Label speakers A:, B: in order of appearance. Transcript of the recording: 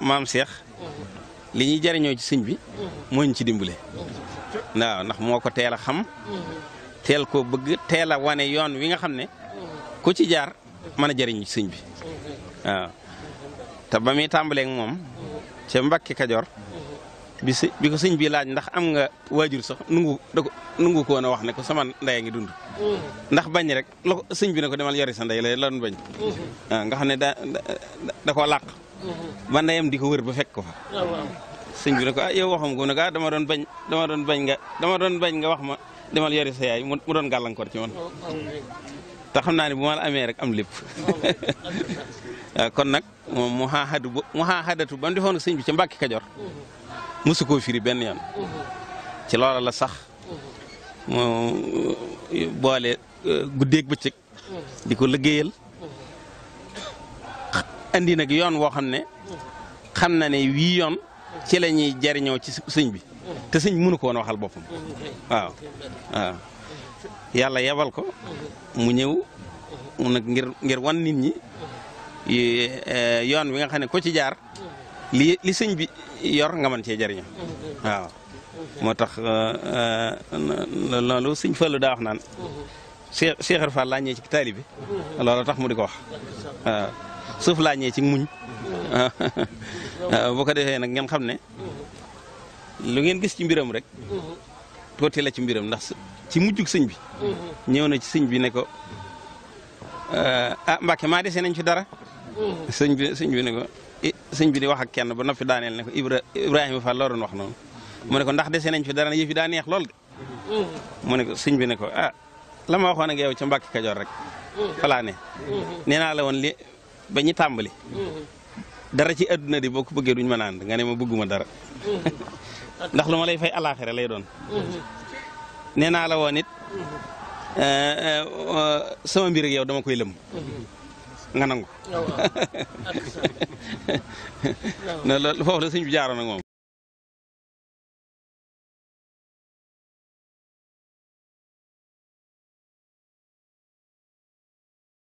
A: maam Cheikh li ñuy jariñoo ci sëñ bi moo ñu ci dimbale waaw ndax moo ko xam teel koo bëgg teel a yoon wi nga xam ku ci jaar mën a jariñu ci sëñ bi waaw te ba muy ak moom ca bi bi ko sëñ bi laaj ndax am nga sax nungu ko nungu ko woon wax ko sama ndey a ngi dund ndax bañ rek la bi ne ko demal yori sa ndey la la doon bañ nga da da ba ndeyam di ko wër ba fekk ko fa ah, sëñ bi na ko ah yow waxam ko ne ko ah dama doon bañ dama doon bañ nga dama doon bañ nga wax ma demal yori sa yaay mu doon gàllankoor ci man oh, te xam naa ne bu ma amee rek am lépp oh. kon nag moom mu xaaxadu mu xaaxadatu ba mu defoon señ bi ci mbakki Kajoor mm-hmm. mosu koo firi benn yoon mm-hmm. ci loola la sax mm-hmm. mu uh, boole uh, guddeeg bëccëg di ko liggéeyal andi nag yoon woo xam ne xam na ne wii yoon ci la ñuy jariñoo ci sëñ bi te sëñ mënu ko waxal boppam waaw waaw yebal ko mu ñëw nag ngir wan nit ñi eh, yoon wi nga xam ne ko ci jaar li li sëñ bi yor nga mën cee jariñoo waaw moo tax eh, eh, loolu sëñ Fallu daa wax naan Cheikh Cheikh laa ñëw taalibe loolu tax mu di ko wax suuf laañee ci muñ bu ko defee nag ngeen xam ne lu ngeen gis ci mbiram rek tuuti la ci mbiram ndax ci mujjug sëñ bi ñëw na ci sëñ bi ne ko ah Mbàkke maa dese nañ fi dara sëñ bi sëñ bi ne ko sëñ bi di wax ak kenn ba noppi daaneel ne ko Ibra Ibrahima Fall la doon wax noonu mu ne ko ndax dese nañ fi dara yëf yi daa neex lool de mu ne sëñ bi ne ko ah la ma waxoon ak yow ca Mbàkke Kajoor rek falaa ne mm-hmm. nee la woon li ba ñu tàmbali. dara ci adduna di boo ko bëggee duñ ma naan ànd nga ne ma bëgguma dara. ndax lu ma lay fay alaaxira lay doon. nee naa la woon it mm-hmm. eh, eh, oh, sama mbir ak yow dama koy lëm. Mm-hmm. nga nangu. Oh, non loolu foofu la suñ bi jaaroon ak moom.